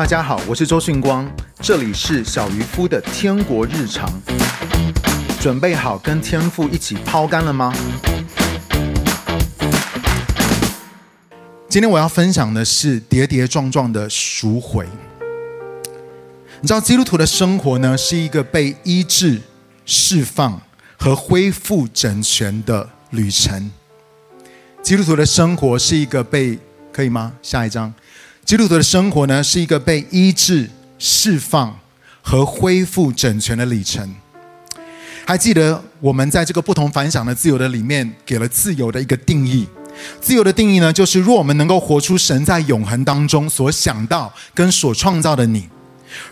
大家好，我是周迅光，這裡是小漁夫的天國日常。準備好跟天父一起拋竿了嗎？今天我要分享的是跌跌撞撞的贖回。你知道，基督徒的生活呢，是一個被醫治、釋放和恢復整全的旅程。基督徒的生活是一個被，可以嗎？下一張。基督徒的生活呢，是一個被醫治、釋放和恢復整全的歷程。還記得我們在這個不同凡響的自由的裡面，給了自由的一個定義。自由的定義呢，就是若我們能夠活出神在永恆當中所想到跟所創造的你，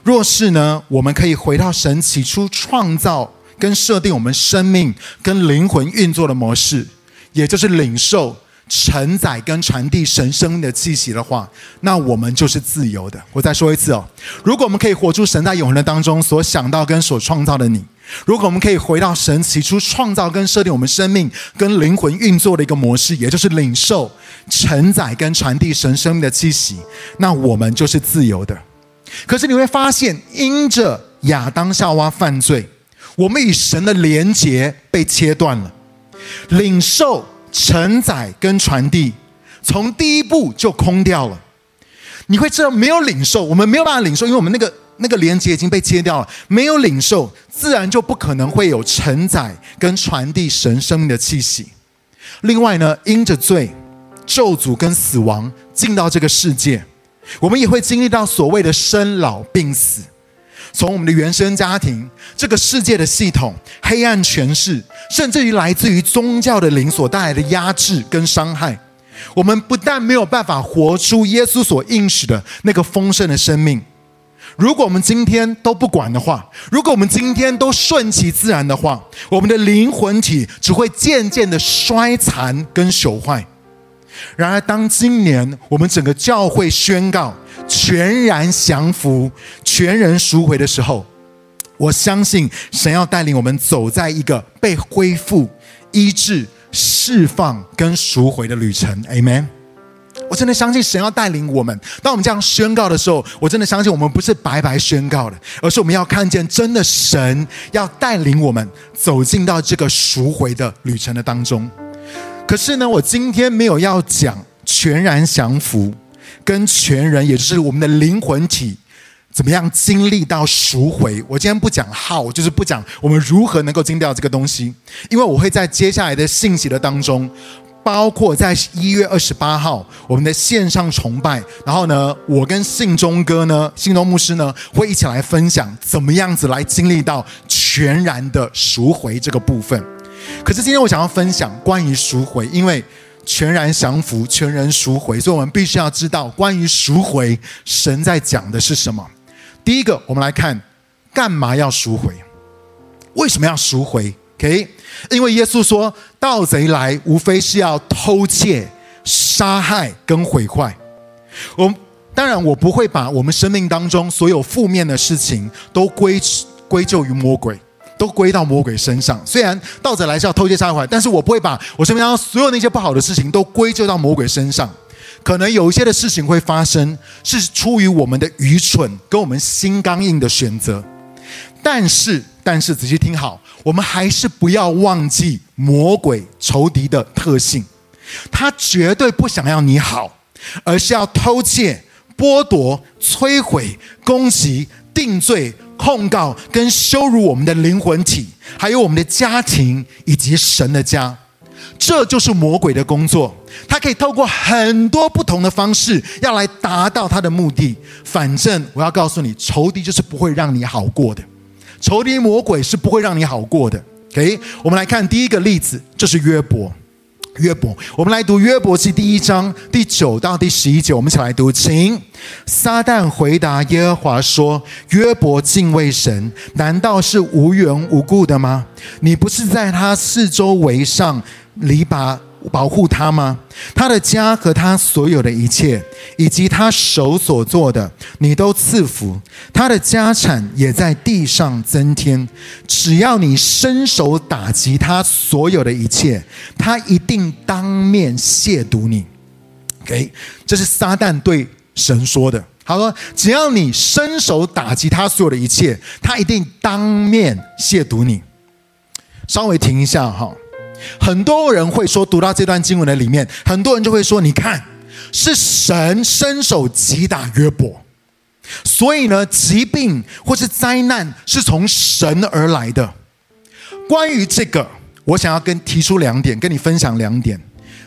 若是呢，我們可以回到神起初創造跟設定我們生命跟靈魂運作的模式，也就是領受。承載跟傳遞神生命的氣息的話，那我們就是自由的。我再說一次哦，如果我們可以活出神在永恆的當中所想到跟所創造的你，如果我們可以回到神起初創造跟設定我們生命跟靈魂運作的一個模式，也就是領受、承載跟傳遞神生命的氣息，那我們就是自由的。可是你會發現，因着亞當夏娃犯罪，我們與神的連結被切斷了，領受。承載跟傳遞，從第一步就空掉了。你會知道沒有領受，我們沒有辦法領受，因為我們那個那個連接已經被切掉了。沒有領受，自然就不可能會有承載跟傳遞神生命的氣息。另外呢，因着罪、咒詛跟死亡進到這個世界，我們也會經歷到所謂的生老病死。從我們的原生家庭、這個世界的系統、黑暗權勢，甚至於來自於宗教的靈所帶來的壓制跟傷害，我們不但沒有辦法活出耶穌所應許的那個豐盛的生命。如果我們今天都不管的話，如果我們今天都順其自然的話，我們的靈魂體只會漸漸的衰殘跟朽壞。然而，當今年我們整個教會宣告全然降服、全人贖回的時候，我相信神要帶領我們走在一個被恢復、醫治、釋放跟贖回的旅程。Amen。我真的相信神要帶領我們。當我們這樣宣告的時候，我真的相信我們不是白白宣告的，而是我們要看見真的神要帶領我們走進到這個贖回的旅程的當中。可是呢，我今天沒有要講全然降服跟全人，也就是我們的靈魂體。怎麼樣經歷到贖回？我今天不講號，就是不講我們如何能夠經歷到這個東西，因為我會在接下來的信息的當中，包括在一月二十八號我們的線上崇拜，然後呢，我跟信忠哥呢，信忠牧師呢會一起來分享怎麼樣子來經歷到全然的贖回這個部分。可是今天我想要分享關於贖回，因為全然降服、全人贖回，所以我們必須要知道關於贖回神在講的是什麼。第一個，我們來看，幹嘛要贖回？為什麼要贖回？OK，因為耶穌說，盜賊來，無非是要偷竊、殺害跟毀壞。我當然，我不會把我們生命當中所有負面的事情都歸歸咎於魔鬼，都歸到魔鬼身上。雖然盜賊來是要偷竊、殺害，但是我不會把我生命當中所有那些不好的事情都歸咎到魔鬼身上。可能有一些的事情會發生，是出於我們的愚蠢跟我們心剛硬的選擇，但是但是仔細聽好，我們還是不要忘記魔鬼仇敵的特性，他絕對不想要你好，而是要偷竊、剝奪、摧毀、攻擊、定罪、控告跟羞辱我們的靈魂體，還有我們的家庭以及神的家。這就是魔鬼的工作，他可以透過很多不同的方式，要來達到他的目的。反正我要告訴你，仇敵就是不會讓你好過的，仇敵魔鬼是不會讓你好過的。Okay? 我們來看第一個例子，就是約伯。約伯，我們來讀約伯記第一章第九到第十一節，我們一起來讀。請，撒旦回答耶和華說：“約伯敬畏神，難道是無緣無故的嗎？你不是在他四周圍上。”你籬笆保護他嗎？他的家和他所有的一切，以及他手所做的，你都賜福。他的家產也在地上增添。只要你伸手打擊他所有的一切，他一定當面褻瀆你。給、okay,，這是撒旦對神說的。好，只要你伸手打擊他所有的一切，他一定當面褻瀆你。”稍微停一下哈、哦。很多人會說，讀到這段經文的裡面，很多人就會說：“你看，是神伸手擊打約伯，所以呢，疾病或是災難是從神而來的。”關於這個，我想要跟提出兩點，跟你分享兩點。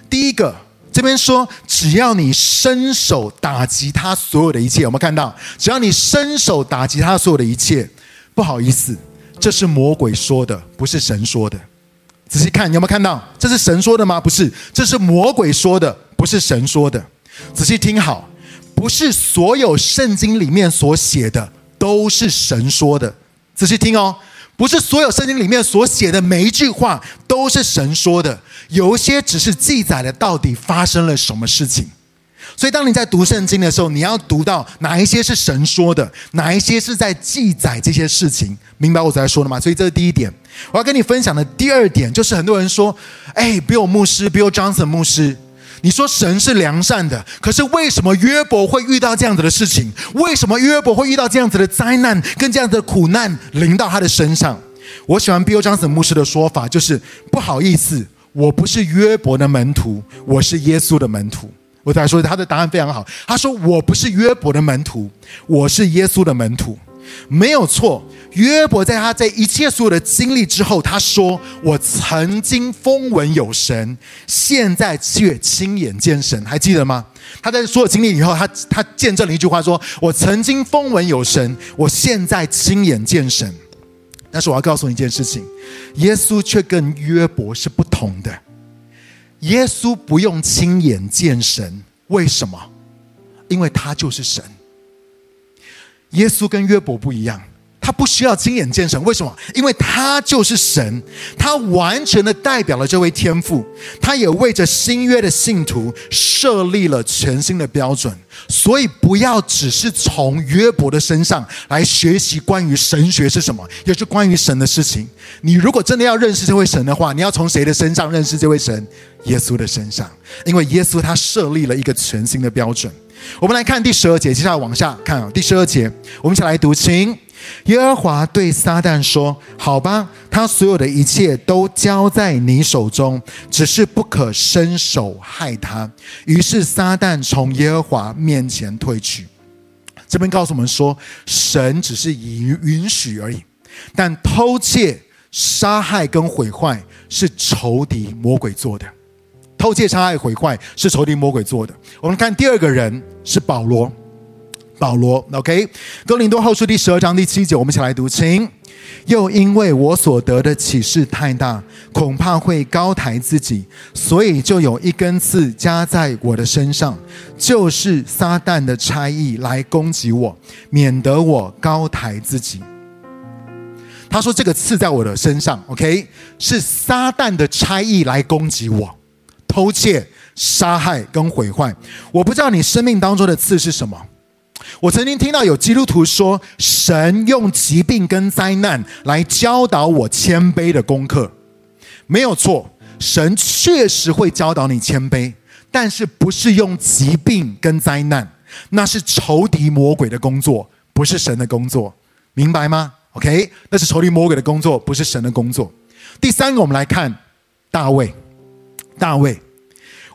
第一個，這邊說，只要你伸手打擊他所有的一切，有沒有看到？只要你伸手打擊他所有的一切，不好意思，這是魔鬼說的，不是神說的。仔細看，有沒有看到？這是神說的嗎？不是，這是魔鬼說的，不是神說的。仔細聽好，不是所有聖經裡面所寫的都是神說的。仔細聽哦，不是所有聖經裡面所寫的每一句話都是神說的，有一些只是記載了到底發生了什麼事情。所以，當你在讀聖經的時候，你要讀到哪一些是神說的，哪一些是在記載這些事情，明白我剛才說的嗎？所以，這是第一點。我要跟你分享的第二點就是，很多人說：“哎，Bill 牧師，Bill Johnson 牧師，你說神是良善的，可是為什麼約伯會遇到這樣子的事情？為什麼約伯會遇到這樣子的災難跟這樣子的苦難臨到他的身上？”我喜歡 Bill Johnson 牧師的說法，就是不好意思，我不是約伯的門徒，我是耶穌的門徒。我再說，他的答案非常好。他說：“我不是約伯的門徒，我是耶穌的門徒。”沒有錯，約伯在他在一切所有的經歷之後，他說：“我曾經風聞有神，現在卻親眼見神。”還記得嗎？他在所有經歷以後，他他見證了一句話說：“說我曾經風聞有神，我現在親眼見神。”但是我要告訴你一件事情：耶穌卻跟約伯是不同的。耶穌不用親眼見神，為什麼？因為他就是神。耶穌跟約伯不一樣。他不需要親眼見神，為什麼？因為他就是神，他完全的代表了這位天父，他也為着新約的信徒設立了全新的標準。所以不要只是從約伯的身上來學習關於神學是什麼，也是關於神的事情。你如果真的要認識這位神的話，你要從誰的身上認識這位神？耶穌的身上，因為耶穌他設立了一個全新的標準。我們來看第十二節，接下來往下看啊，第十二節，我們一起來，來讀，請。耶和華對撒旦說：“好吧，他所有的一切都交在你手中，只是不可伸手害他。”於是撒旦從耶和華面前退去。這邊告訴我們說，神只是允允許而已，但偷竊、殺害跟毀壞是仇敵魔鬼做的。偷竊、殺害、毀壞是仇敵魔鬼做的。我們看第二個人是保羅。保羅，OK，《哥林多後書》第十二章第七節，我們一起來讀，請。又因為我所得的啟示太大，恐怕會高抬自己，所以就有一根刺加在我的身上，就是撒旦的差役來攻擊我，免得我高抬自己。他說：“這個刺在我的身上，OK，是撒旦的差役來攻擊我，偷竊、殺害跟毀壞。我不知道你生命當中的刺是什麼。”我曾經聽到有基督徒說：“神用疾病跟災難來教導我謙卑的功課。”沒有錯。神確實會教導你謙卑，但是不是用疾病跟災難？那是仇敵魔鬼的工作，不是神的工作，明白嗎？OK，那是仇敵魔鬼的工作，不是神的工作。第三個，我們來看大衛，大衛。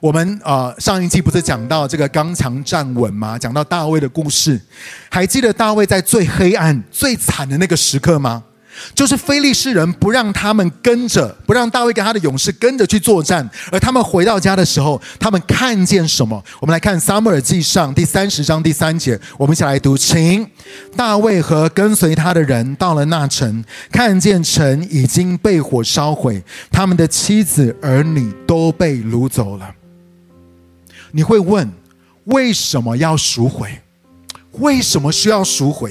我們呃上一期不是講到這個剛強站穩嗎？講到大衛的故事，還記得大衛在最黑暗、最慘的那個時刻嗎？就是非利士人不讓他們跟着，不讓大衛跟他的勇士跟着去作戰，而他們回到家的時候，他們看見什麼？我們來看撒母耳記上第三十章第三節，我們一起來讀，請大衛和跟隨他的人到了那城，看見城已經被火燒毀，他們的妻子兒女都被擄走了。你會問，為什麼要贖回？為什麼需要贖回？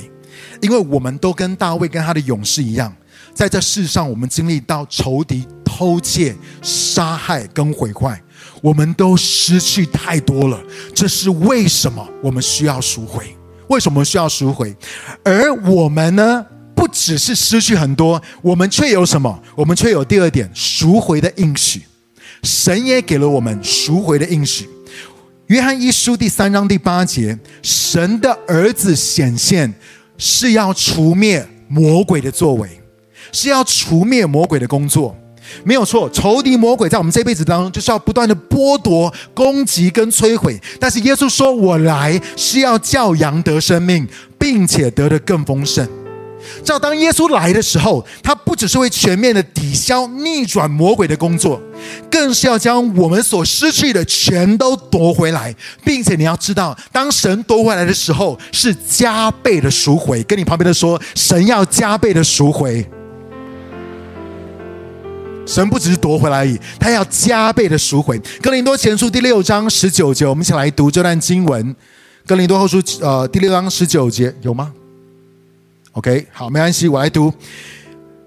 因為我們都跟大衛跟他的勇士一樣，在這世上，我們經歷到仇敵偷竊、殺害跟毀壞，我們都失去太多了。這是為什麼我們需要贖回？為什麼需要贖回？而我們呢？不只是失去很多，我們卻有什麼？我們卻有第二點：贖回的應許。神也給了我們贖回的應許。約翰一書第三章第八節，神的兒子顯現，是要除滅魔鬼的作為，是要除滅魔鬼的工作，沒有錯。仇敵魔鬼在我們這輩子當中，就是要不斷的剝奪、攻擊跟摧毀。但是耶穌說：“我來是要叫羊得生命，並且得的更豐盛。”知道，照當耶穌來的時候，他不只是會全面的抵消、逆轉魔鬼的工作，更是要將我們所失去的全都奪回來。並且你要知道，當神奪回來的時候，是加倍的贖回。跟你旁邊的說，神要加倍的贖回。神不只是奪回來而已，他要加倍的贖回。哥林多前書第六章十九節，我們一起來讀這段經文。哥林多後書呃第六章十九節有嗎？OK，好，沒關係，我來讀。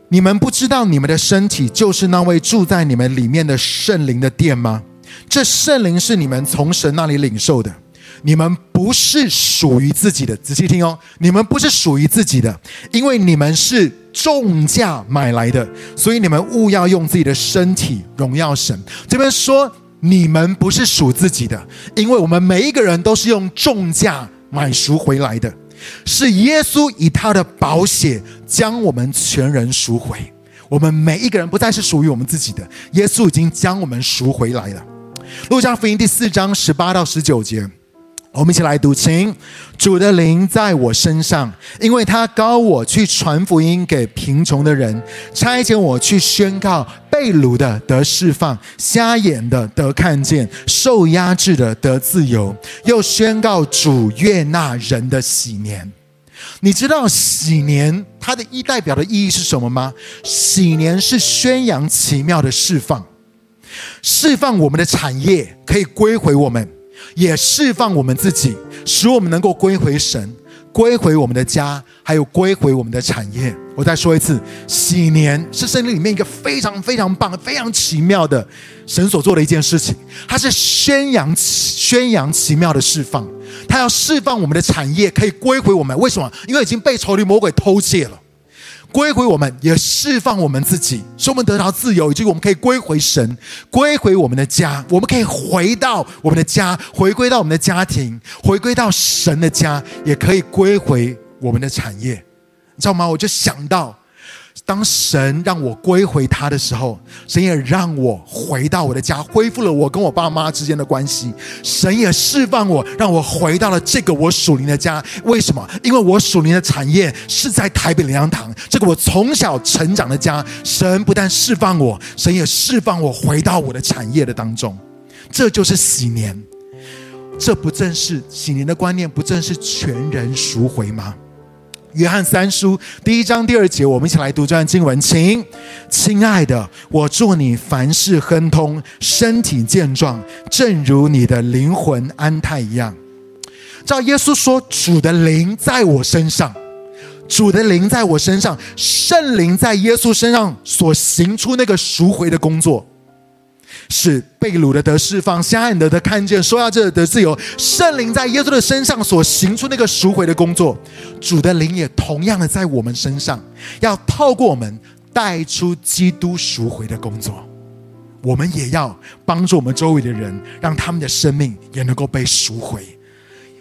你們不知道你們的身體就是那位住在你們裡面的聖靈的殿嗎？這聖靈是你們從神那裡領受的，你們不是屬於自己的。仔細聽哦，你們不是屬於自己的，因為你們是重價買來的，所以你們務要用自己的身體榮耀神。這邊說你們不是屬自己的，因為我們每一個人都是用重價買贖回來的。是耶穌以他的寶血將我們全人贖回，我們每一個人不再是屬於我們自己的。耶穌已經將我們贖回來了。路加福音第四章十八到十九節。我們一起來讀。請，請主的靈在我身上，因為他膏我去傳福音給貧窮的人，差遣我去宣告被擄的得釋放，瞎眼的得看見，受壓制的得自由，又宣告主悅納人的禧年。你知道禧年它的一代表的意義是什麼嗎？禧年是宣揚奇妙的釋放，釋放我們的產業可以歸回我們。也釋放我們自己，使我們能夠歸回神，歸回我們的家，還有歸回我們的產業。我再說一次，禧年是聖經裡面一個非常非常棒、非常奇妙的神所做的一件事情。它是宣揚、宣揚奇妙的釋放，它要釋放我們的產業可以歸回我們。為什麼？因為已經被仇敵魔鬼偷竊了。歸回我們，也釋放我們自己，使我們得到自由，以及我們可以歸回神，歸回我們的家。我們可以回到我們的家，回歸到我們的家庭，回歸到神的家，也可以歸回我們的產業，你知道嗎？我就想到。當神讓我歸回他的時候，神也讓我回到我的家，恢復了我跟我爸媽之間的關係。神也釋放我，讓我回到了這個我屬靈的家。為什麼？因為我屬靈的產業是在台北靈糧堂，這個我從小成長的家。神不但釋放我，神也釋放我回到我的產業的當中。這就是禧年，這不正是禧年的觀念？不正是全人贖回嗎？約翰三書第一章第二節，我們一起來讀這段經文，請親愛的，我祝你凡事亨通，身體健壯，正如你的靈魂安泰一樣。照耶穌說，主的靈在我身上，主的靈在我身上，聖靈在耶穌身上所行出那個贖回的工作，是被擄的得釋放，瞎眼的得看見，受壓制的得自由。聖靈在耶穌的身上所行出那個贖回的工作，主的靈也同樣的在我們身上，要透過我們帶出基督贖回的工作。我們也要幫助我們周圍的人，讓他們的生命也能夠被贖回。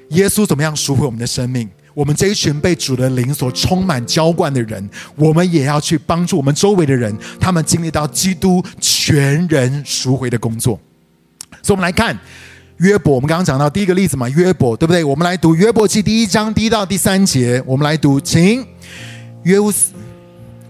耶穌怎麼樣贖回我們的生命？我們這一群被主的靈所充滿澆灌的人，我們也要去幫助我們周圍的人，他們經歷到基督全人贖回的工作。所以，我們來看約伯。我們剛剛講到第一個例子嘛，約伯，對不對？我們來讀約伯記第一章第一到第三節，我們來讀，請約烏斯。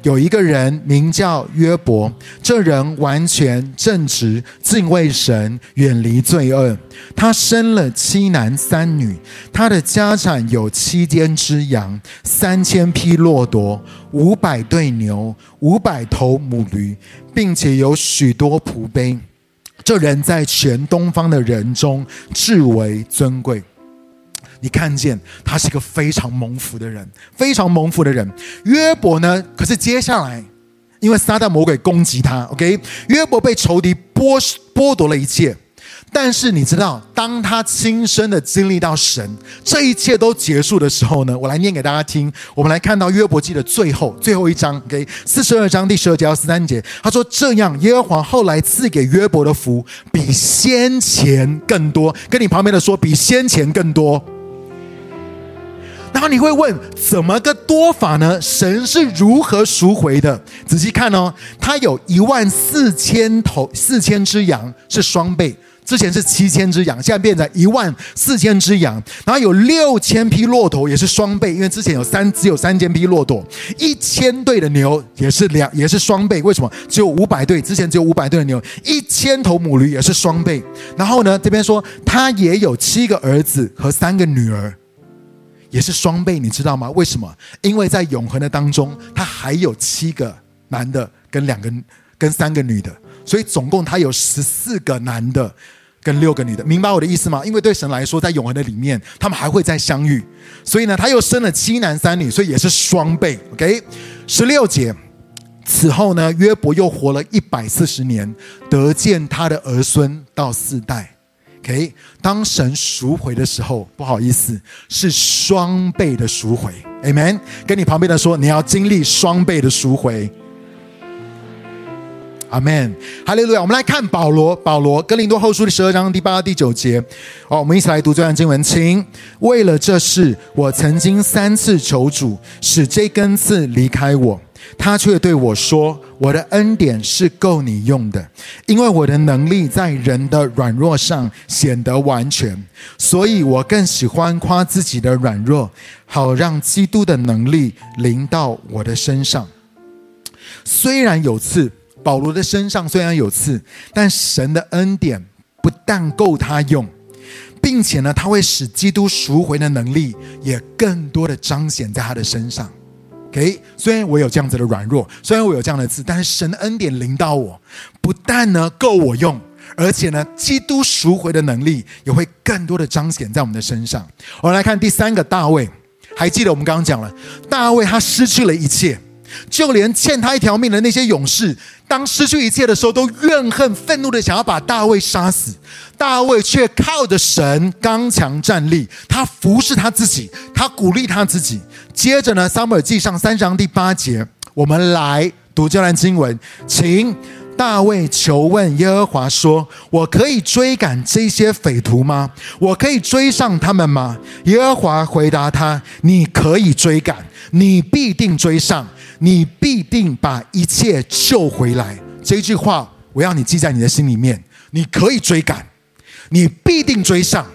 有一個人名叫約伯，這人完全正直，敬畏神，遠離罪惡。他生了七男三女，他的家產有七千隻羊，三千匹駱駝，五百對牛，五百頭母驢，並且有許多僕婢。這人在全東方的人中至為尊貴。你看見他是一個非常蒙福的人，非常蒙福的人。約伯呢？可是接下來，因為撒旦魔鬼攻擊他，OK，約伯被仇敵剝剝奪了一切。但是你知道，當他親身的經歷到神，這一切都結束的時候呢？我來念給大家聽。我們來看到約伯記的最後最後一章，OK，四十二章第十二節到十三節，他說：“這樣，耶和華後來賜給約伯的福，比先前更多。”跟你旁邊的說，比先前更多。然後你會問，怎麼個多法呢？神是如何贖回的？仔細看哦，他有一萬四千頭，四千隻羊是雙倍，之前是七千隻羊，現在變成一萬四千隻羊。然後有六千匹駱駝也是雙倍，因為之前有三只有三千匹駱駝，一千對的牛也是兩也是雙倍。為什麼只有五百對？之前只有五百對的牛，一千頭母驢也是雙倍。然後呢，這邊說他也有七個兒子和三個女兒。也是雙倍，你知道嗎？為什麼？因為在永恆的當中，他還有七個男的跟兩個跟三個女的，所以總共他有十四個男的跟六個女的。明白我的意思嗎？因為對神來說，在永恆的裡面，他們還會再相遇，所以呢，他又生了七男三女，所以也是雙倍。OK，十六節，此後呢，約伯又活了一百四十年，得見他的兒孫到四代。誒、okay. 當神贖回的時候，不好意思，是雙倍的贖回。amen，跟你旁邊的說，你要經歷雙倍的贖回。amen，哈利路亞。我們來看保羅，保羅哥林多後書第十二章第八到第九節。好，我們一起來讀這段經文，請。為了這事，我曾經三次求主，使這根刺離開我。他卻對我說：“我的恩典是夠你用的，因為我的能力在人的軟弱上顯得完全。所以我更喜歡誇自己的軟弱，好讓基督的能力臨到我的身上。雖然有刺，保羅的身上雖然有刺，但神的恩典不但夠他用，並且呢，他會使基督贖回的能力也更多的彰顯在他的身上。”誒，雖然我有這樣子的軟弱，雖然我有這樣的刺，但是神的恩典臨到我，不但呢夠我用，而且呢，基督贖回的能力也會更多的彰顯在我們的身上。我們來看第三個大衛，還記得我們剛剛講了，大衛他失去了一切。就連欠他一條命的那些勇士，當失去一切的時候，都怨恨、憤怒地想要把大衛殺死。大衛卻靠着神剛強站立，他服侍他自己，他鼓勵他自己。接着呢，《撒母耳記上三十章第八節》，我們來讀這段經文，請大衛求問耶和華說：“我可以追趕這些匪徒嗎？我可以追上他們嗎？”耶和華回答他：“你可以追趕，你必定追上。”你必定把一切救回來，這句話我要你記在你的心裡面。你可以追趕，你必定追上，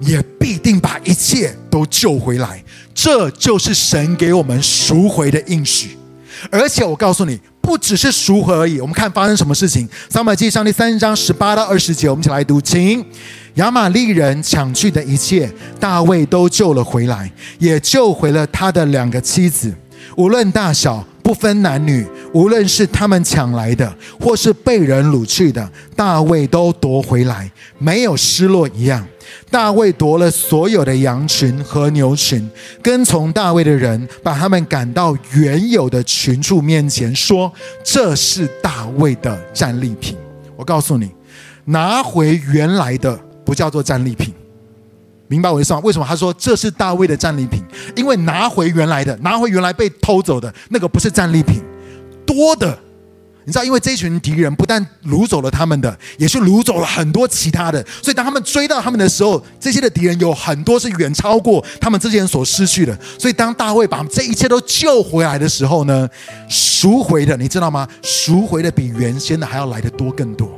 也必定把一切都救回來。這就是神給我們贖回的應許。而且我告訴你，不只是贖回而已。我們看發生什麼事情，《撒母耳記上》第三十章十八到二十節，我們一起來讀。請，亞瑪力人搶去的一切，大衛都救了回來，也救回了他的兩個妻子。無論大小，不分男女，無論是他們搶來的，或是被人擄去的，大衛都奪回來，沒有失落一樣。大衛奪了所有的羊群和牛群，跟從大衛的人把他們趕到原有的群畜面前，說：“這是大衛的戰利品。”我告訴你，拿回原來的，不叫做戰利品。明白我意思嗎？為什麼他說這是大衛的戰利品？因為拿回原來的，拿回原來被偷走的那個不是戰利品。多的，你知道，因為這群敵人不但擄走了他們的，也是擄走了很多其他的。所以當他們追到他們的時候，這些的敵人有很多是遠超過他們之前所失去的。所以當大衛把這一切都救回來的時候呢，贖回的你知道嗎？贖回的比原先的還要來得多更多。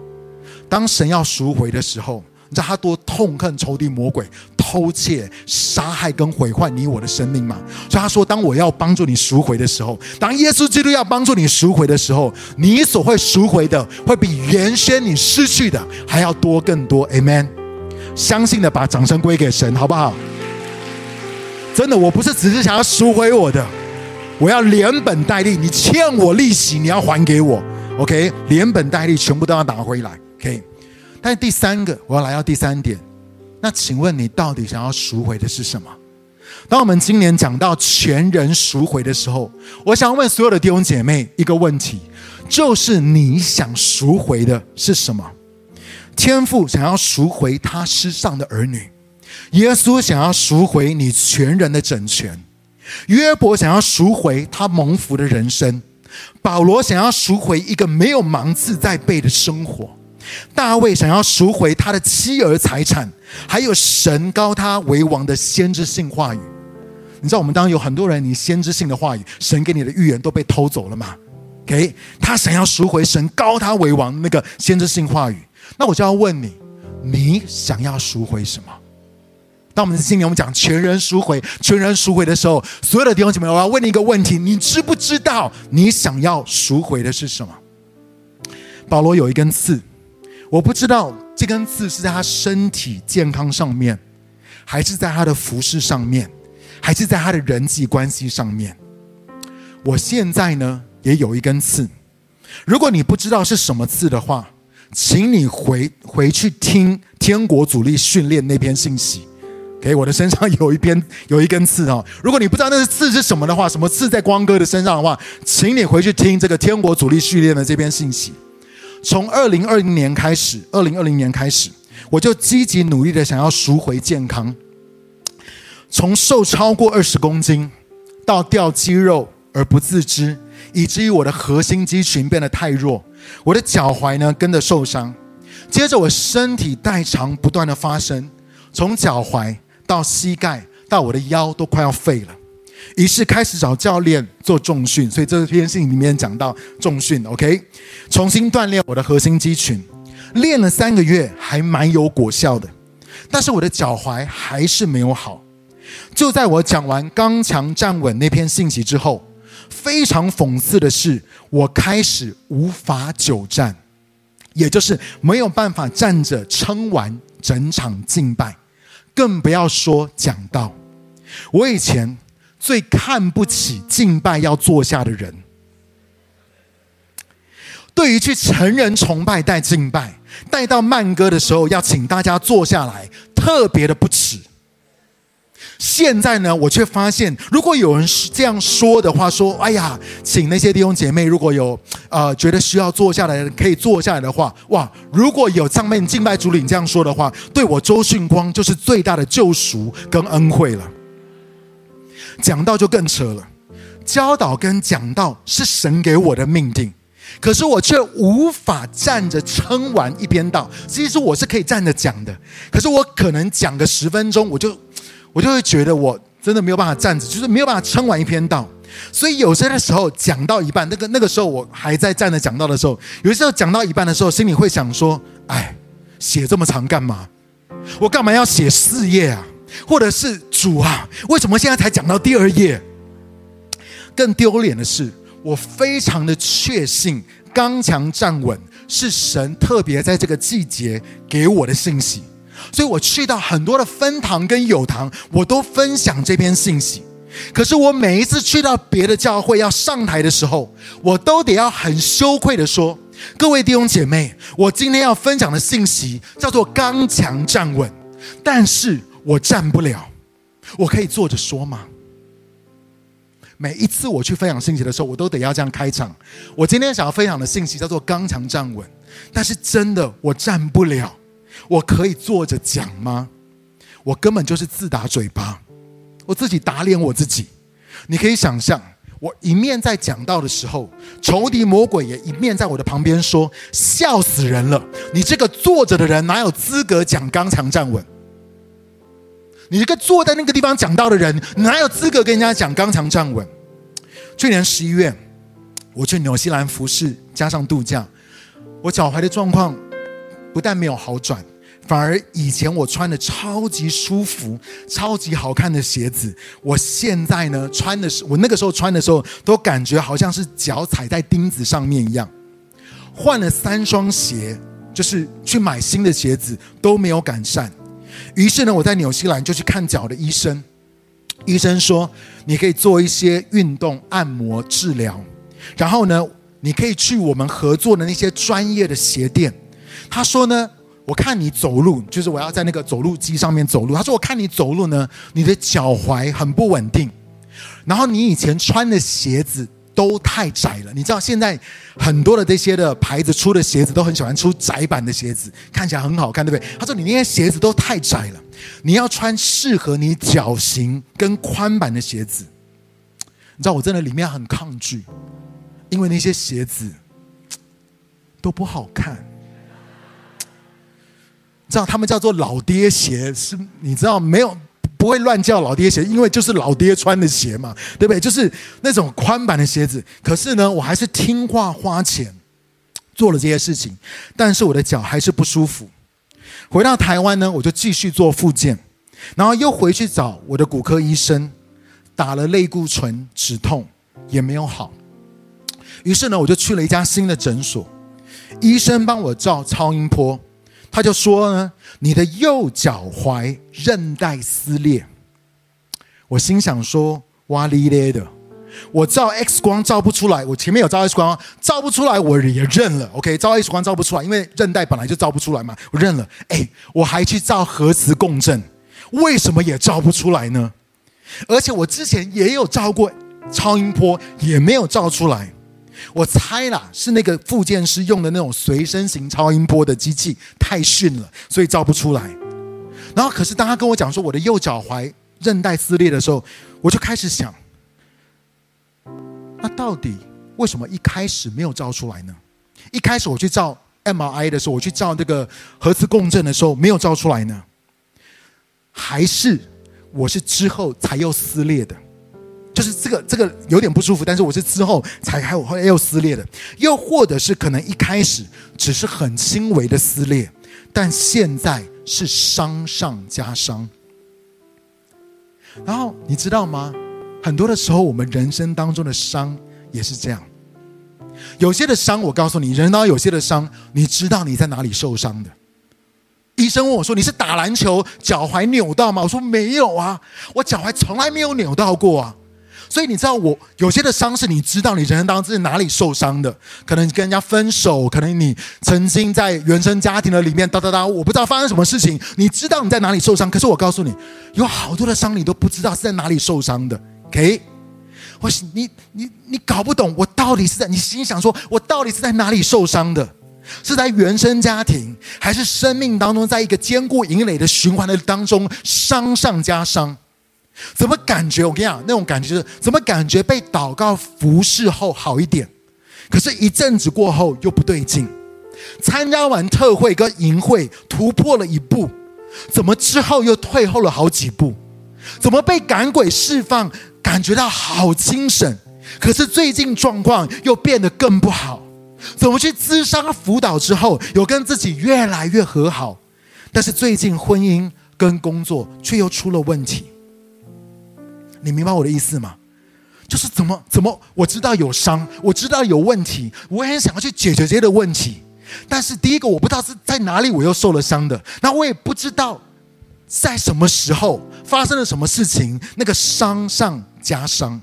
當神要贖回的時候。你知道他多痛恨仇敵魔鬼偷竊殺害跟毀壞你我的生命嗎？所以他說：“當我要幫助你贖回的時候，當耶穌基督要幫助你贖回的時候，你所會贖回的會比原先你失去的還要多更多。” Amen。相信的把掌聲歸給神，好不好？真的，我不是只是想要贖回我的，我要連本帶利。你欠我利息，你要還給我。OK，連本帶利全部都要拿回來。OK。但第三個，我要來到第三點。那請問你到底想要贖回的是什麼？當我們今年講到全人贖回的時候，我想問所有的弟兄姐妹一個問題，就是你想贖回的是什麼？天父想要贖回他失喪的兒女，耶穌想要贖回你全人的整全，約伯想要贖回他蒙福的人生，保羅想要贖回一個沒有芒刺在背的生活。大衛想要贖回他的妻兒財產，還有神膏他為王的先知性話語。你知道我們當中有很多人，你先知性的話語，神給你的預言都被偷走了嗎？給、okay? 他想要贖回神膏他為王的那個先知性話語。那我就要問你，你想要贖回什麼？當我們的意向裡我們講全人贖回、全人贖回的時候，所有的弟兄姐妹，我要問你一個問題：你知不知道你想要贖回的是什麼？保羅有一根刺。我不知道這根刺是在他身體健康上面，還是在他的服事上面，還是在他的人際關係上面。我現在呢也有一根刺。如果你不知道是什麼刺的話，請你回回去聽《天國阻力訓練》那篇信息。給我的身上有一邊有一根刺啊、哦。如果你不知道那個刺是什麼的話，什麼刺在光哥的身上的話，請你回去聽這個《天國阻力訓練》的這篇信息。從二零二零年開始，二零二零年開始，我就積極努力的想要贖回健康。從瘦超過二十公斤，到掉肌肉而不自知，以至於我的核心肌群變得太弱，我的腳踝呢跟着受傷，接着我身體代償不斷的發生，從腳踝到膝蓋到我的腰都快要廢了。於是開始找教練做重訓，所以這篇信裡面講到重訓，OK，重新鍛鍊我的核心肌群，練了三個月還蠻有果效的，但是我的腳踝還是沒有好。就在我講完剛強站穩那篇信息之後，非常諷刺的是，我開始無法久站，也就是沒有辦法站着撐完整場敬拜，更不要說講道。我以前。最看不起敬拜要坐下的人，對於去成人崇拜帶敬拜帶到慢歌的時候，要請大家坐下來，特別的不齒。現在呢，我卻发現，如果有人是這樣說的話，說：“哎呀，請那些弟兄姐妹，如果有呃覺得需要坐下來，可以坐下來的話，哇！如果有上面敬拜主領這樣說的話，對我周訓光就是最大的救贖跟恩惠了。”講道就更扯了，教導跟講道是神給我的命定，可是我卻無法站着撐完一篇道。其實我是可以站着講的，可是我可能講個十分鐘，我就我就會覺得我真的沒有辦法站着，就是沒有辦法撐完一篇道。所以有些的時候講到一半，那個那個時候我還在站着講道的時候，有些時候講到一半的時候，心裡會想說：唉，寫這麼長幹嘛？我幹嘛要寫四頁啊？或者是。主啊，為什麼現在才講到第二頁？更丟臉的是，我非常的確信“剛強站穩”是神特別在這個季節給我的信息，所以我去到很多的分堂跟友堂，我都分享這篇信息。可是我每一次去到別的教會要上台的時候，我都得要很羞愧地說：“各位弟兄姐妹，我今天要分享的信息叫做‘剛強站穩’，但是我站不了。”我可以坐着說嗎？每一次我去分享信息的時候，我都得要這樣開場。我今天想要分享的信息叫做“剛強站穩”，但是真的我站不了。我可以坐着講嗎？我根本就是自打嘴巴，我自己打臉我自己。你可以想象，我一面在講道的時候，仇敵魔鬼也一面在我的旁邊說：“笑死人了，你這個坐着的人哪有資格講剛強站穩？”你一個坐在那個地方講道的人，你哪有資格跟人家講剛強站穩？去年十一月，我去紐西蘭服事加上度假，我腳踝的狀況不但沒有好轉，反而以前我穿的超級舒服、超級好看的鞋子，我現在呢穿的是我那個時候穿的時候，都感覺好像是腳踩在釘子上面一樣。換了三雙鞋，就是去買新的鞋子都沒有改善。於是呢，我在紐西蘭就去看腳的醫生。醫生說，你可以做一些運動、按摩治療。然後呢，你可以去我們合作的那些專業的鞋店。他說呢，我看你走路，就是我要在那個走路機上面走路。他說我看你走路呢，你的腳踝很不穩定。然後你以前穿的鞋子，都太窄了，你知道現在很多的這些的牌子，出的鞋子都很喜歡出窄版的鞋子，看起來很好看，對不對？他說你那些鞋子都太窄了，你要穿適合你腳型跟寬版的鞋子。你知道我真的裡面很抗拒，因為那些鞋子都不好看。你知道他們叫做老爹鞋，是你知道沒有？不會亂叫老爹鞋，因為就是老爹穿的鞋嘛，對不對？就是那種寬版的鞋子。可是呢，我還是聽話花錢做了這些事情，但是我的腳還是不舒服。回到台灣呢，我就繼續做復健，然後又回去找我的骨科醫生，打了類固醇止痛，也沒有好。於是呢，我就去了一家新的診所，醫生幫我照超音波。他就說呢，你的右腳踝韌帶撕裂。我心想說，哇哩咧的，我照 X 光照不出來，我前面有照 X 光，照不出來我也認了。OK，照 X 光照不出來，因為韌帶本來就照不出來嘛，我認了。誒，我還去照核磁共振，為什麼也照不出來呢？而且我之前也有照過超音波，也沒有照出來。我猜啦，是那個復健師用的那種隨身型超音波的機器太遜了，所以照不出來。然後，可是當他跟我講說我的右腳踝韌帶撕裂的時候，我就開始想：那到底為什麼一開始沒有照出來呢？一開始我去照 MRI 的時候，我去照那個核磁共振的時候沒有照出來呢？還是我是之後才又撕裂的？就是這個這個有點不舒服，但是我是之後才開，我後來又撕裂的，又或者是可能一開始只是很輕微的撕裂，但現在是傷上加傷。然後你知道嗎？很多的時候，我們人生當中的傷也是這樣。有些的傷，我告訴你，人呢，有些的傷，你知道你在哪裡受傷的。醫生問我說：“你是打籃球腳踝扭到嗎？”我說：“沒有啊，我腳踝從來沒有扭到過啊。”所以你知道，我有些的傷是你知道你人生當中是哪裡受傷的，可能跟人家分手，可能你曾經在原生家庭的裡面噠噠噠，我不知道發生什麼事情。你知道你在哪裡受傷，可是我告訴你，有好多的傷你都不知道是在哪裡受傷的。OK，我是你你你搞不懂我到底是在你心想說我到底是在哪裡受傷的，是在原生家庭，還是生命當中在一個堅固營壘的循環的當中傷上加傷？怎麼感覺？我跟你講，那種感覺是怎麼感覺？被禱告服侍後好一點，可是，一陣子過後又不對勁。參加完特會跟營會，突破了一步，怎麼之後又退後了好幾步？怎麼被趕鬼釋放，感覺到好精神，可是最近狀況又變得更不好？怎麼去諮商輔導之後，有跟自己越來越和好，但是最近婚姻跟工作卻又出了問題？你明白我的意思嗎？就是怎麼怎麼，我知道有傷，我知道有問題，我也很想要去解決這些問題。但是第一個，我不知道是在哪裡我又受了傷的，那我也不知道在什麼時候發生了什麼事情，那個傷上加傷。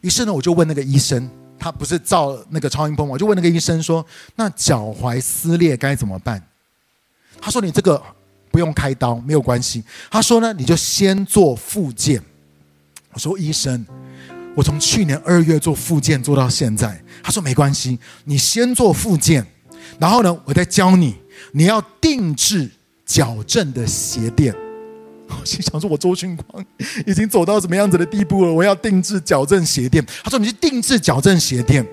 於是呢，我就問那個醫生，他不是照那個超音波嗎？我就問那個醫生說：“那腳踝撕裂該怎麼辦？”他說：“你這個不用開刀，沒有關係。”他說呢：“你就先做復健。”我說醫生，我從去年二月做復健做到現在。他說沒關係，你先做復健，然後呢，我再教你。你要定制矯正的鞋墊。我心想說，我周俊光已經走到什麼樣子的地步了？我要定制矯正鞋墊。他說，你去定制矯正鞋墊。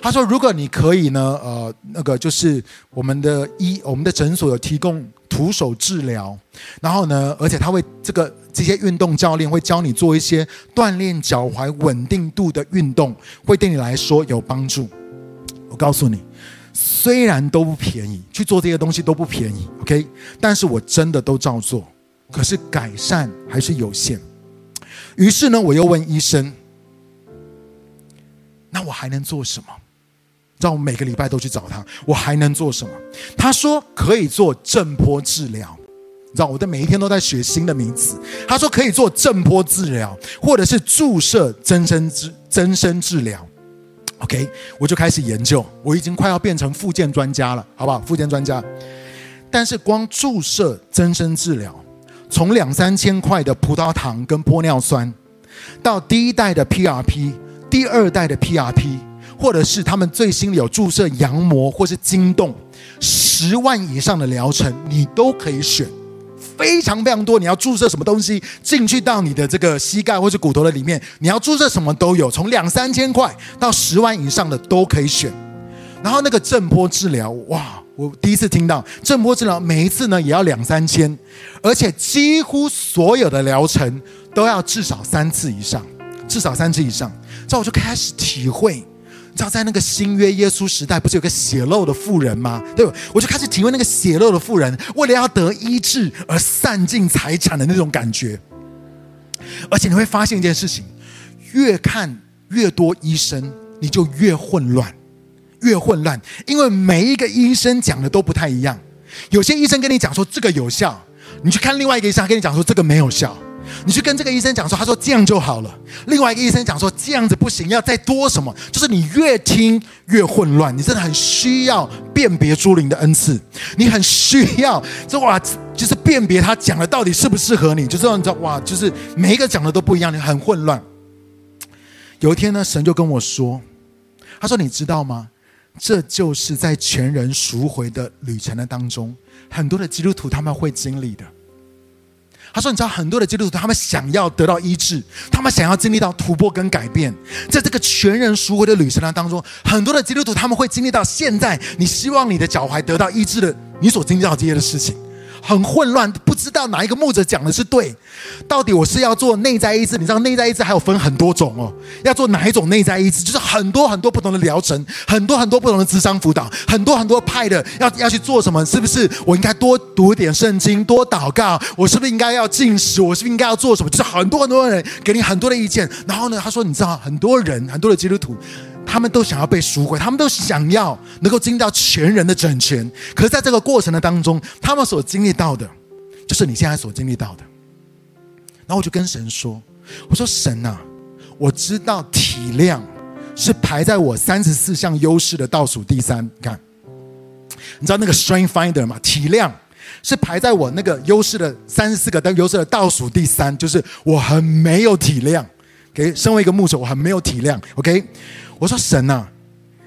他說，如果你可以呢，呃，那個就是我們的醫，我們的診所有提供。徒手治療，然後呢，而且他會這個這些運動教練會教你做一些鍛鍊腳踝穩定度的運動，會對你來說有幫助。我告訴你，雖然都不便宜，去做這些東西都不便宜，OK？但是我真的都照做，可是改善還是有限。於是呢，我又問醫生：“那我還能做什麼？”讓我每個禮拜都去找他，我還能做什麼？他說可以做震波治療。你知道，我的每一天都在學新的名詞。他說可以做震波治療，或者是注射增生治增生治療。OK，我就開始研究，我已經快要變成復健專家了，好不好？復健專家。但是光注射增生治療，從兩三千塊的葡萄糖跟玻尿酸，到第一代的 PRP，第二代的 PRP。或者是他們最新的有注射羊膜或是筋動，十萬以上的療程你都可以選，非常非常多。你要注射什麼東西進去到你的這個膝蓋或是骨頭的裡面，你要注射什麼都有，從兩三千塊到十萬以上的都可以選。然後那個震波治療，哇，我第一次聽到震波治療，每一次呢也要兩三千，而且幾乎所有的療程都要至少三次以上，至少三次以上。所以我就開始體會。你知道在那個新約耶穌時代，不是有個血漏的婦人嗎？對，對，我就開始體會那個血漏的婦人為了要得醫治而散盡財產的那種感覺。而且你會發現一件事情，越看越多醫生，你就越混亂，越混亂，因為每一個醫生講的都不太一樣。有些醫生跟你講說這個有效，你去看另外一個醫生跟你講說這個沒有效。你去跟這個醫生講說，他說這樣就好了。另外一個醫生講說這樣子不行，要再多什麼？就是你越聽越混亂。你真的很需要辨別諸靈的恩賜，你很需要這哇，就是辨別他講的到底適不適合你。就是你知道哇，就是每一個講的都不一樣，你很混亂。有一天呢，神就跟我說，他說你知道嗎？這就是在全人贖回的旅程的當中，很多的基督徒他們會經歷的。他說：“你知道很多的基督徒，他們想要得到醫治，他們想要經歷到突破跟改變。在這個全人贖回的旅程當中，很多的基督徒他們會經歷到現在，你希望你的腳踝得到醫治的，你所經歷到這些的事情。”很混亂，不知道哪一個牧者講的是對。到底我是要做內在醫治？你知道，內在醫治還有分很多種哦。要做哪一種內在醫治？就是很多很多不同的療程，很多很多不同的諮商輔導，很多很多派的要要去做什麼？是不是我應該多讀一點聖經，多禱告？我是不是應該要禁食？我是不是應該要做什麼？就是很多很多人給你很多的意見。然後呢，他說，你知道，很多人很多的基督徒。他們都想要被贖回，他們都想要能夠經歷到全人的整全。可是，在這個過程的當中，他們所經歷到的，就是你現在所經歷到的。然後我就跟神說：“我說神吶、啊，我知道體諒是排在我三十四項優勢的倒數第三。你看，你知道那個 Strength Finder 嗎？體諒是排在我那個優勢的三十四個等優勢的倒數第三，就是我很沒有體諒，給、okay? 身為一個牧者，我很沒有體諒。o、okay? k 我說神啊，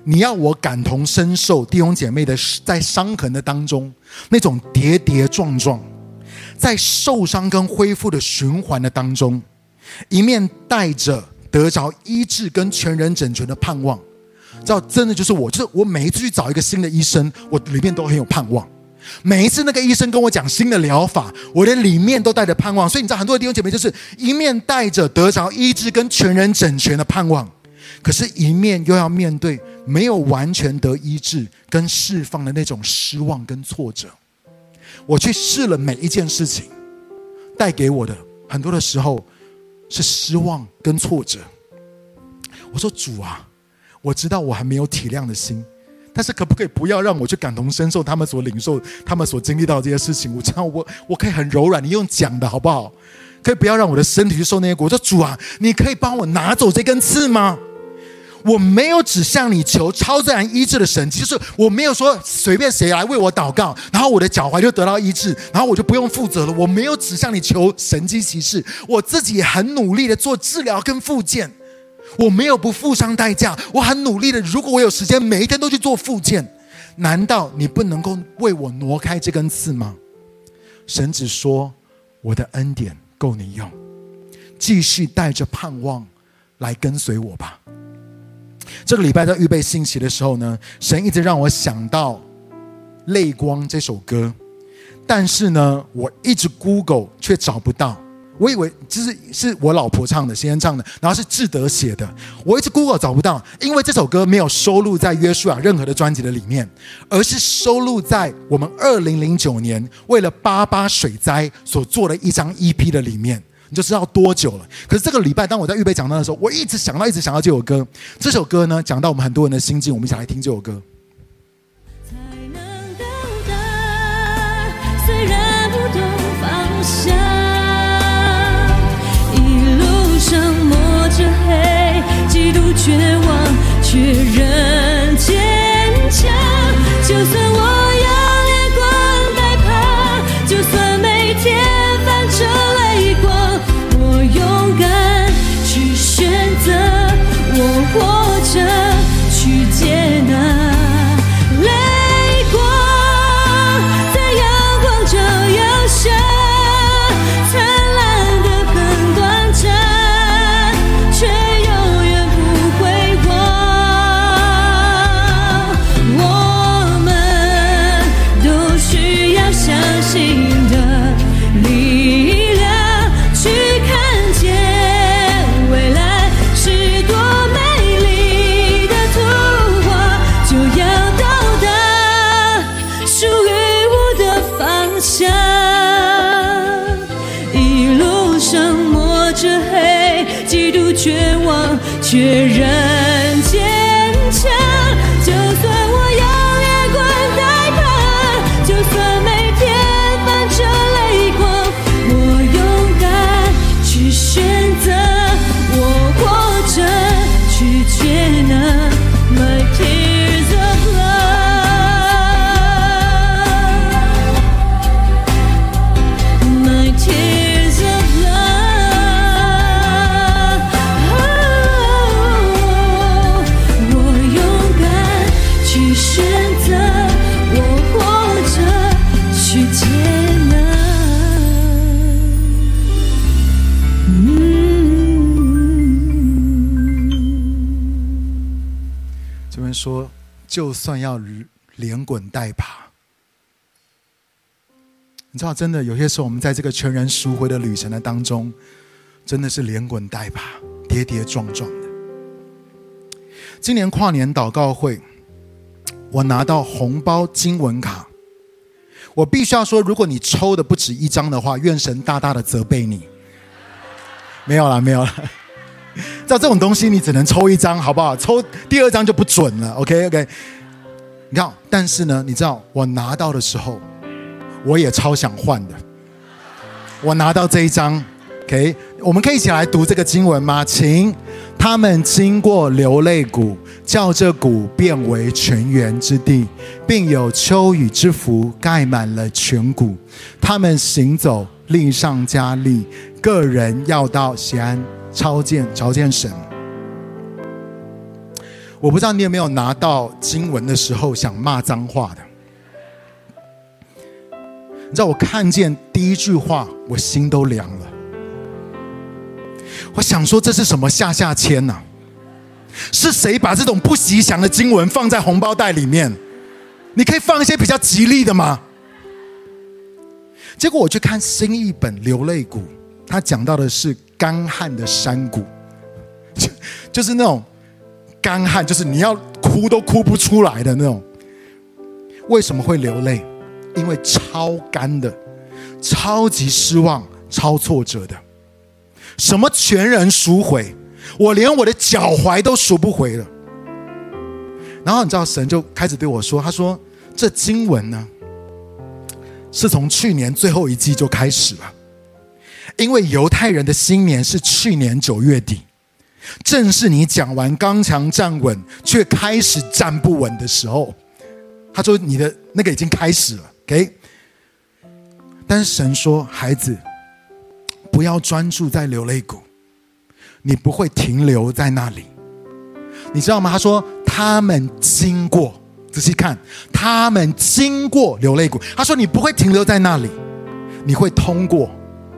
你要我感同身受弟兄姐妹的在傷痕的當中那種跌跌撞撞，在受傷跟恢復的循環的當中，一面帶着得着醫治跟全人整全的盼望。知道真的就是我，就是我每一次去找一個新的醫生，我裡面都很有盼望。每一次那個醫生跟我講新的療法，我連裡面都帶着盼望。所以你知道，很多弟兄姐妹就是一面帶着得着醫治跟全人整全的盼望。可是，一面又要面對沒有完全得醫治跟釋放的那種失望跟挫折，我去試了每一件事情，帶給我的很多的時候是失望跟挫折。我說：“主啊，我知道我還沒有體諒的心，但是可不可以不要讓我去感同身受他們所領受、他們所經歷到的這些事情？我這樣，我我可以很柔軟。你用講的好不好？可以不要讓我的身體去受那些苦？我說：主啊，你可以幫我拿走這根刺嗎？”我沒有只向你求超自然醫治的神，其實，我沒有說隨便誰來為我禱告，然後我的腳踝就得到醫治，然後我就不用負責了。我沒有只向你求神蹟奇事。我自己很努力的做治療跟復健，我沒有不付上代價，我很努力的。如果我有時間，每一天都去做復健，難道你不能夠為我挪開這根刺嗎？神只說：“我的恩典夠你用，繼續帶着盼望來跟隨我吧。”這個禮拜在預備信息的時候呢，神一直讓我想到《淚光》這首歌，但是呢，我一直 Google 卻找不到。我以為這是是我老婆唱的，先唱的，然後是志德寫的。我一直 Google 找不到，因為這首歌沒有收錄在約書亞任何的專輯的裡面，而是收錄在我們二零零九年為了八八水災所做的一張 EP 的裡面。就知道多久了。可是這個禮拜，當我在預備講道的時候，我一直想到，一直想到這首歌。這首歌呢，講到我們很多人的心境，我們想來聽這首歌。才能到達，雖然不懂方向，一路上摸着黑，極度絕望，卻仍堅強。就算。就算要連滾帶爬，你知道，真的有些時候，我們在這個全人贖回的旅程的當中，真的是連滾帶爬、跌跌撞撞的。今年跨年禱告會，我拿到紅包經文卡，我必須要說，如果你抽的不止一張的話，願神大大的責備你。沒有了，沒有了。照這種東西，你只能抽一張，好不好？抽第二張就不準了。OK，OK、OK, OK。你看，但是呢，你知道我拿到的時候，我也超想換的。我拿到這一張，OK，我們可以一起來讀這個經文嗎？請。他們經過流淚谷，叫這谷變為泉源之地，並有秋雨之福蓋滿了全谷。他們行走，力上加力，各人要到錫安朝見，朝見神，我不知道你有沒有拿到經文的時候想罵髒話的。你知道我看見第一句話，我心都涼了。我想說，這是什麼下下籤吶？啊？是誰把這種不吉祥的經文放在紅包袋裡面？你可以放一些比較吉利的嗎？結果我去看新一本《流淚谷》，它講到的是，乾旱的山谷，就就是那種乾旱，就是你要哭都哭不出來的那種。為什麼會流淚？因為超乾的，超級失望、超挫折的。什麼全人贖回？我連我的腳踝都贖不回了。然後你知道，神就開始對我說：他說，這經文呢，是從去年最後一季就開始了。因為猶太人的新年是去年九月底，正是你講完剛強站穩，卻開始站不穩的時候。他說：“你的那個已經開始了。”給，但是神說：“孩子，不要專注在流淚谷，你不會停留在那裡。”你知道嗎？他說：“他們經過，仔細看，他們經過流淚谷。”他說：“你不會停留在那裡，你會通過。”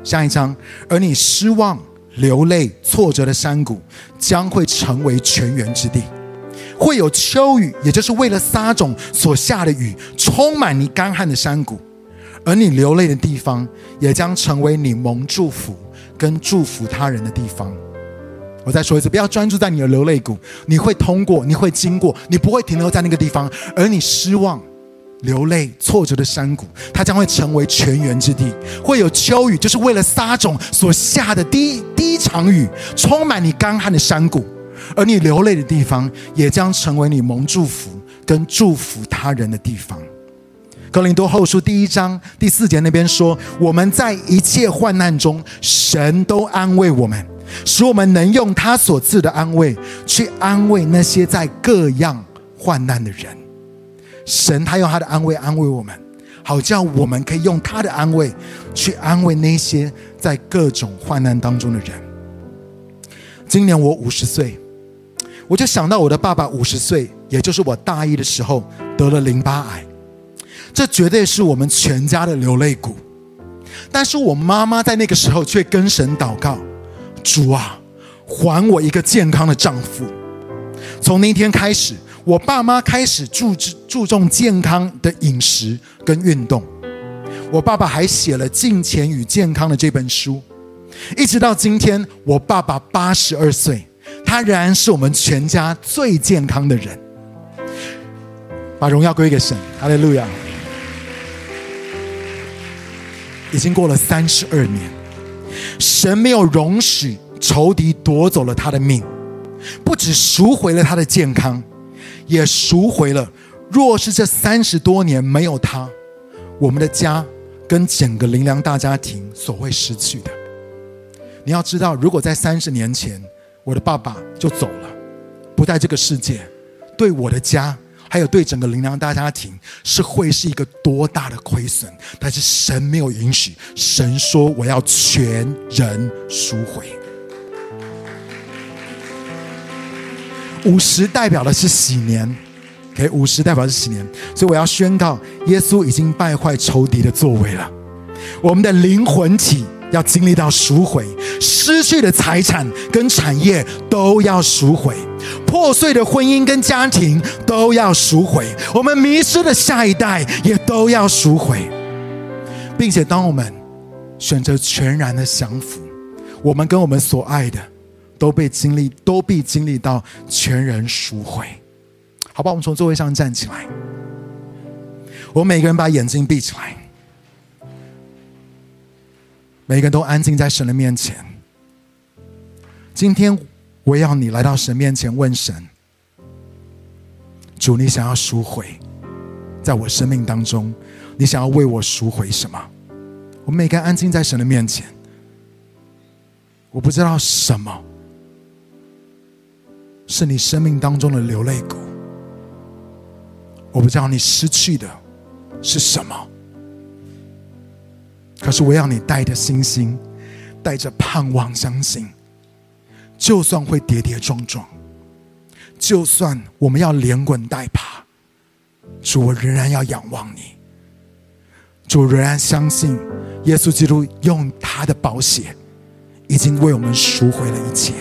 下一章，而你失望、流淚、挫折的山谷將會成為泉源之地，會有秋雨，也就是為了撒種所下的雨，充滿你乾旱的山谷，而你流淚的地方也將成為你蒙祝福跟祝福他人的地方。我再說一次，不要專注在你的流淚谷，你會通過，你會經過，你不會停留在那個地方，而你失望。流淚挫折的山谷，它將會成為泉源之地，會有秋雨，就是為了撒種所下的第一第一場雨，充滿你乾旱的山谷，而你流淚的地方，也將成為你蒙祝福跟祝福他人的地方。哥林多後書第一章第四節那邊說：“我們在一切患難中，神都安慰我們，使我們能用他所賜的安慰，去安慰那些在各樣患難的人。”神，他用他的安慰安慰我們，好叫我們可以用他的安慰去安慰那些在各種患難當中的人。今年我五十歲，我就想到我的爸爸五十歲，也就是我大一的時候得了淋巴癌，這絕對是我們全家的流淚谷。但是我媽媽在那個時候卻跟神禱告：“主啊，還我一個健康的丈夫。”從那天開始。我爸媽開始注注重健康的飲食跟運動，我爸爸還寫了《金錢與健康》的這本書，一直到今天，我爸爸八十二歲，他仍然是我們全家最健康的人。把榮耀歸給神，哈利路亞！已經過了三十二年，神沒有容許仇敵奪走了他的命，不止贖回了他的健康。也贖回了。若是這三十多年沒有他，我們的家跟整個靈糧大家庭所會失去的。你要知道，如果在三十年前我的爸爸就走了，不在這個世界，對我的家還有對整個靈糧大家庭是會是一個多大的虧損。但是神沒有允許，神說我要全人贖回。五十代表的是禧年給，okay? 五十代表的是禧年，所以我要宣告，耶穌已經敗壞仇敵的作為了，我們的靈魂體要經歷到贖回，失去的財產跟產業都要贖回，破碎的婚姻跟家庭都要贖回，我們迷失的下一代也都要贖回，並且當我們選擇全然的降服，我們跟我們所愛的。都被經歷，都必經歷到全人贖回，好吧？我們從座位上站起來，我們每個人把眼睛閉起來，每個人都安靜在神的面前。今天我要你來到神面前問神：主，你想要贖回，在我生命當中，你想要為我贖回什麼？我們每個人安靜在神的面前，我不知道什麼。是你生命當中的流淚谷，我不知道你失去的是什麼，可是我要你帶着信心，帶着盼望，相信，就算會跌跌撞撞，就算我們要連滾帶爬，主，我仍然要仰望你，主，仍然相信耶穌基督用他的寶血已經為我們贖回了一切。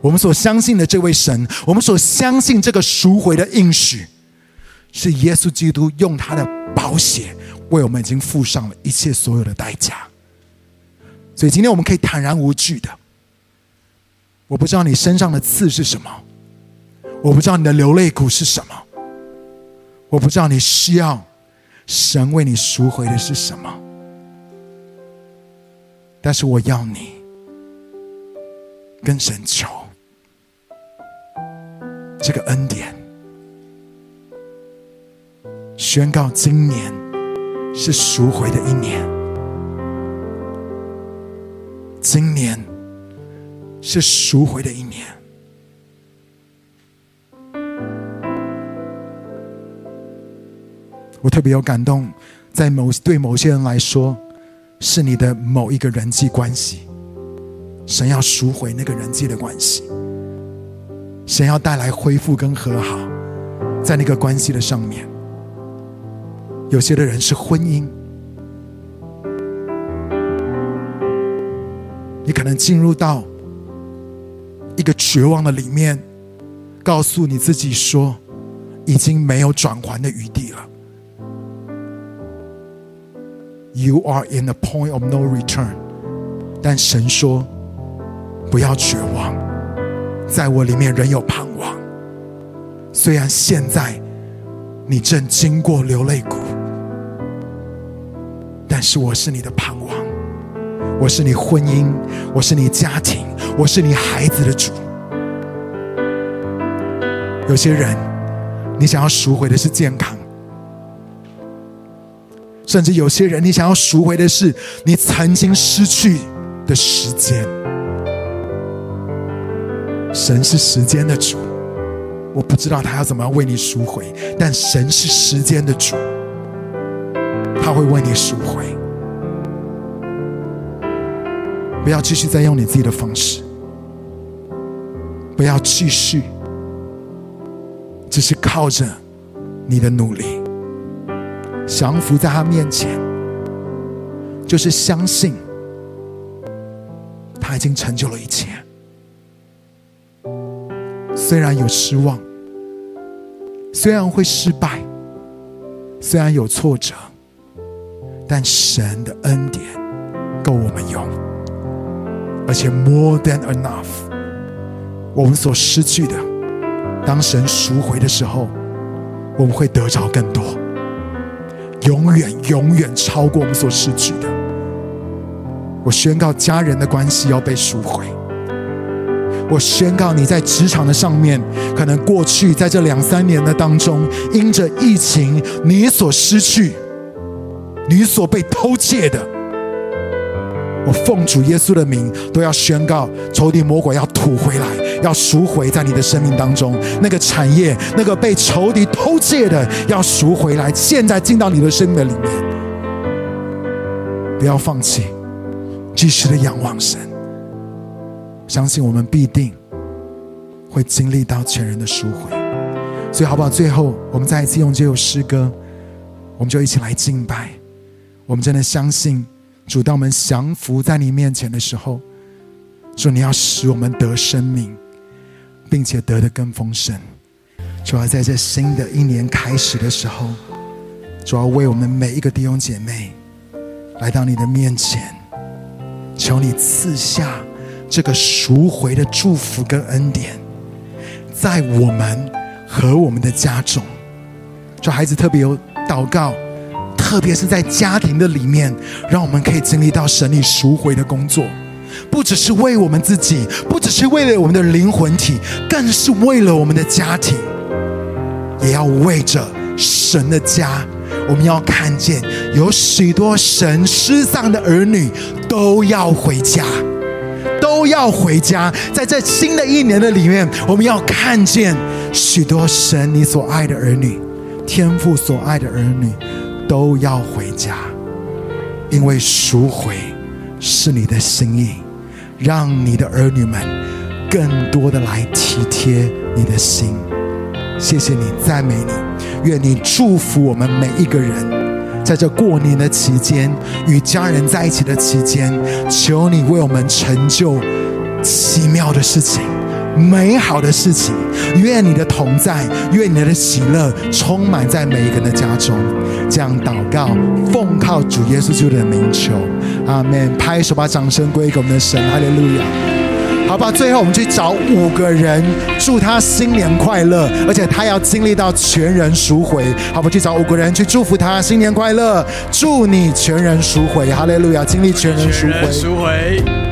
我們所相信的這位神，我們所相信這個贖回的應許，是耶穌基督用他的寶血為我們已經付上了一切所有的代價。所以今天我們可以坦然無懼的。我不知道你身上的刺是什麼，我不知道你的流淚谷是什麼，我不知道你需要神為你贖回的是什麼，但是我要你跟神求。這個恩典宣告，今年是贖回的一年。今年是贖回的一年。我特別有感動，在某、對某些人來說，是你的某一個人際關係，神要贖回那個人際的關係。想要帶來恢復跟和好，在那個關係的上面，有些的人是婚姻，你可能進入到一個絕望的裡面，告訴你自己說，已經沒有轉圜的餘地了。You are in the point of no return，但神說，不要絕望。在我裡面仍有盼望，雖然現在你正經過流淚谷，但是我是你的盼望，我是你婚姻，我是你家庭，我是你孩子的主。有些人，你想要贖回的是健康；甚至有些人，你想要贖回的是你曾經失去的時間。神是時間的主，我不知道他要怎麼樣為你贖回，但神是時間的主，他會為你贖回。不要繼續再用你自己的方式，不要繼續只是靠着你的努力，降服在他面前，就是相信他已經成就了一切。雖然有失望，雖然會失敗，雖然有挫折，但神的恩典夠我們用，而且 more than enough。我們所失去的，當神贖回的時候，我們會得着更多，永遠永遠超過我們所失去的。我宣告，家人的關係要被贖回。我宣告你在職場的上面，可能過去在這兩三年的當中，因着疫情，你所失去、你所被偷竊的，我奉主耶穌的名，都要宣告仇敵魔鬼要吐回來，要贖回在你的生命當中那個產業，那個被仇敵偷竊的要贖回來，現在進到你的生命的裡面，不要放棄，繼續的仰望神。相信我們必定會經歷到全人的贖回，所以好不好？最後，我們再一次用這首詩歌，我們就一起來敬拜。我們真的相信，主當我們降服在你面前的時候，說你要使我們得生命，並且得的更豐盛。主要在這新的一年開始的時候，主要為我們每一個弟兄姐妹來到你的面前，求你賜下。這個贖回的祝福跟恩典，在我們和我們的家中，這孩子特別有禱告，特別是在家庭的裡面，讓我們可以經歷到神裡贖回的工作，不只是為我們自己，不只是為了我們的靈魂體，更是為了我們的家庭，也要為着神的家，我們要看見有許多神失喪的兒女都要回家。都要回家，在這新的一年的裡面，我們要看見許多神你所愛的兒女，天父所愛的兒女都要回家，因為贖回是你的心意，讓你的兒女們更多的來體貼你的心。謝謝你，讚美你，願你祝福我們每一個人。在這過年的期間，與家人在一起的期間，求你為我們成就奇妙的事情、美好的事情。願你的同在，願你的喜樂充滿在每一個人的家中。這樣禱告，奉靠主耶穌基督的名求，阿門。拍手，把掌聲歸給我們的神，哈利路亞。好吧，最後我們去找五個人，祝他新年快樂，而且他要經歷到全人贖回。好不好？去找五個人去祝福他新年快樂，祝你全人贖回。哈利路亞，經歷全人贖回。